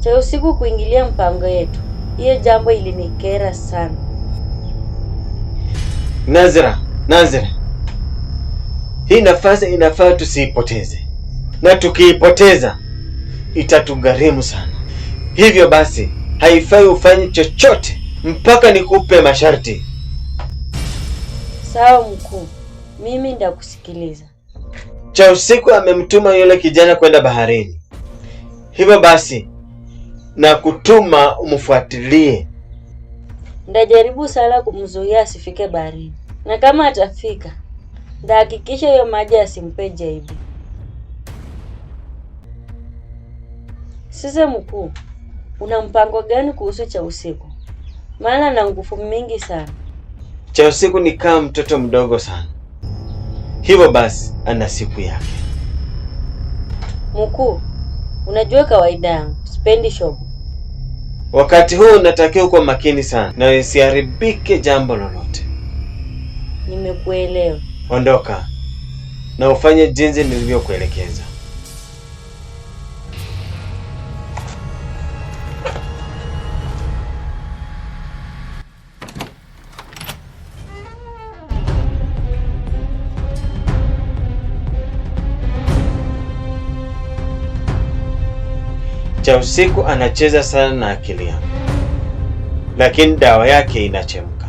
cha usiku kuingilia mpango yetu. Hiyo jambo ilinikera sana. Nazira, Nazira, hii nafasi inafaa tusiipoteze, na tukiipoteza itatugharimu sana. Hivyo basi, haifai ufanye chochote mpaka nikupe masharti. Sawa mkuu, mimi ndakusikiliza. Cha usiku amemtuma yule kijana kwenda baharini, hivyo basi na kutuma umfuatilie. Ndajaribu sana kumzuia asifike baharini, na kama atafika ndahakikisha hiyo maji asimpe Jaibu. sise mkuu, una mpango gani kuhusu cha usiku? Maana na nguvu mingi sana. Cha usiku ni kama mtoto mdogo sana, hivyo basi ana siku yake. Mkuu, unajua kawaida yangu sipendi shobo Wakati huu natakiwa kuwa makini sana na isiharibike jambo lolote. Nimekuelewa. Ondoka na ufanye jinsi nilivyokuelekeza. cha usiku anacheza sana na akili yangu, lakini dawa yake inachemka.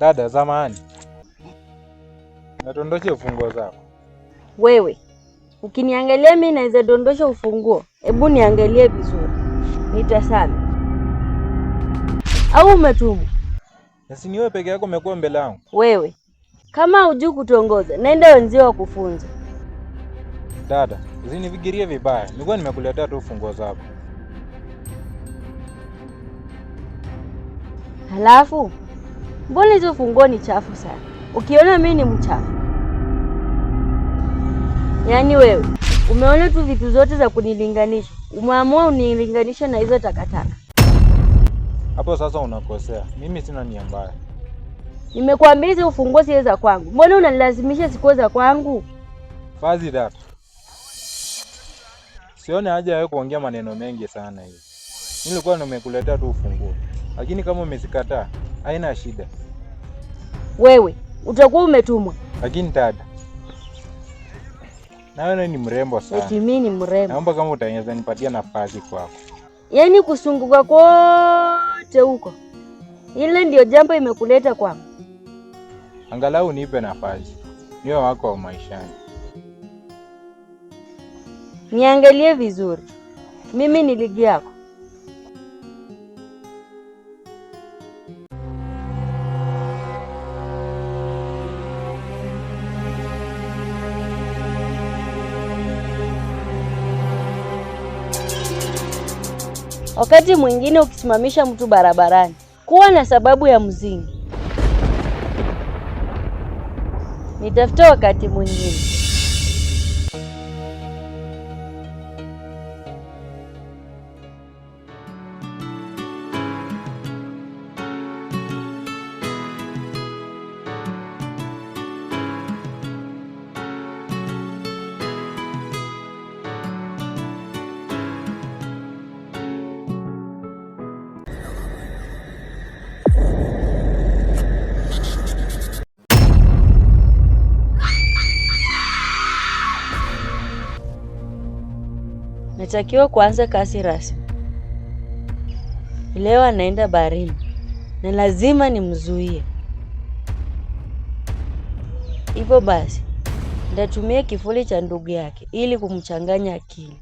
Dada zamani, natondoshe ufunguo zako. Wewe ukiniangalia mimi naweza dondosha ufunguo? Hebu niangalie vizuri, nitasana au umetumwa? Nasi ni wewe peke yako umekuwa mbele yangu. Wewe kama hujui kutongoza, naenda wenzio kufunza Dada, usinifikirie vibaya, nilikuwa nimekuletea tu ufunguo zako. Halafu Mbona hizo funguo ni chafu sana? Ukiona mimi ni mchafu, yaani wewe umeona tu vitu zote za kunilinganisha, umeamua unilinganisha na hizo takataka. Hapo sasa unakosea, mimi sina nia mbaya. Nimekuambia hizo funguo si za kwangu, mbona unanilazimisha sikuwe za kwangu? Fazi that. sione haja ya kuongea maneno mengi sana hiyo. Nilikuwa nimekuletea tu ufunguo, lakini kama umezikataa Haina shida, wewe utakuwa umetumwa. Lakini dada, nawe ni mrembo sana. Eti mimi ni mrembo? Naomba kama utaweza nipatia nafasi kwako. Yaani kusunguka kote huko, ile ndio jambo imekuleta kwangu? Angalau nipe nafasi, niwe wako wa maishani. Niangalie vizuri, mimi ni ligi yako. wakati mwingine ukisimamisha mtu barabarani, kuwa na sababu ya mzingi Nitafuta wakati mwingine. alitakiwa kuanza kazi rasmi. Leo anaenda baharini na lazima nimzuie. Hivyo basi, nitatumia kifuli cha ndugu yake ili kumchanganya akili.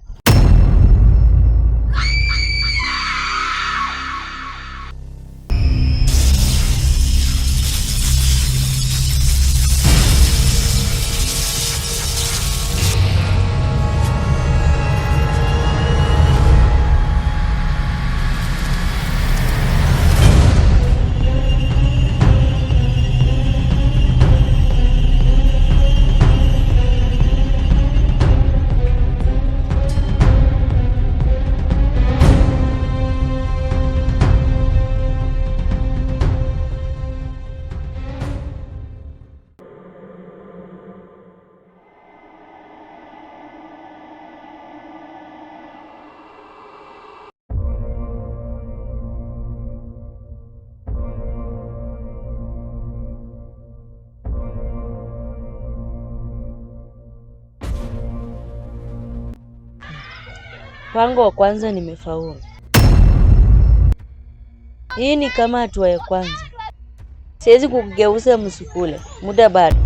Mpango wa kwanza nimefaulu. Hii ni kama hatua ya kwanza. Siwezi kukugeuza msukule, muda bado.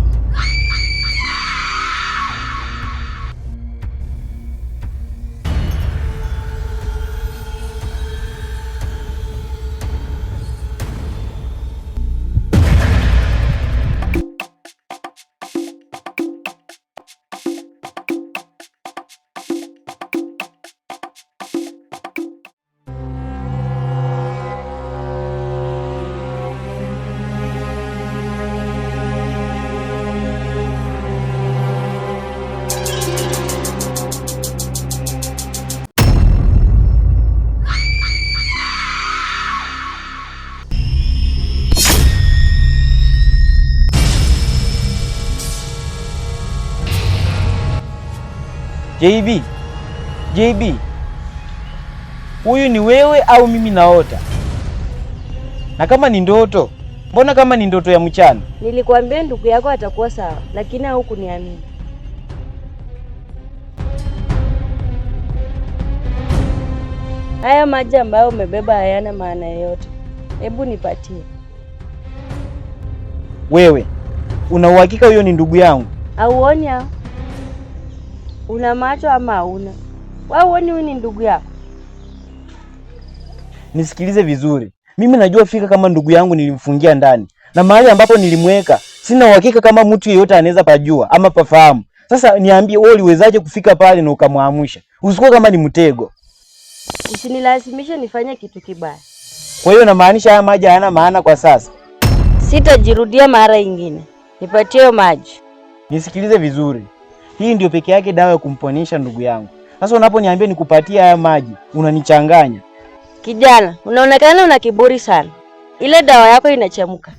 JB, JB, huyu ni wewe au mimi naota? Na kama ni ndoto, mbona kama ni ndoto ya mchana? Nilikwambia ndugu yako atakuwa sawa, lakini haukuniamini. Haya maji ambayo umebeba hayana maana yoyote, hebu nipatie. Wewe una uhakika huyo ni ndugu yangu? Auoni hao? Una macho ama hauna? Wewe uoni huyu ni ndugu yako? Nisikilize vizuri, mimi najua fika kama ndugu yangu nilimfungia ndani na mahali ambapo nilimweka, sina uhakika kama mtu yeyote anaweza pajua ama pafahamu. Sasa niambie, wewe uliwezaje kufika pale na ukamwamsha? Usikuwa kama ni mtego. Usinilazimishe nifanye kitu kibaya. Kwa hiyo namaanisha haya maji hayana maana kwa sasa. Sitajirudia mara ingine, nipatie maji. Nisikilize vizuri hii ndio peke yake dawa ya kumponyesha ndugu yangu. Sasa unaponiambia nikupatie haya maji unanichanganya. Kijana, unaonekana una kiburi sana. Ile dawa yako inachemka.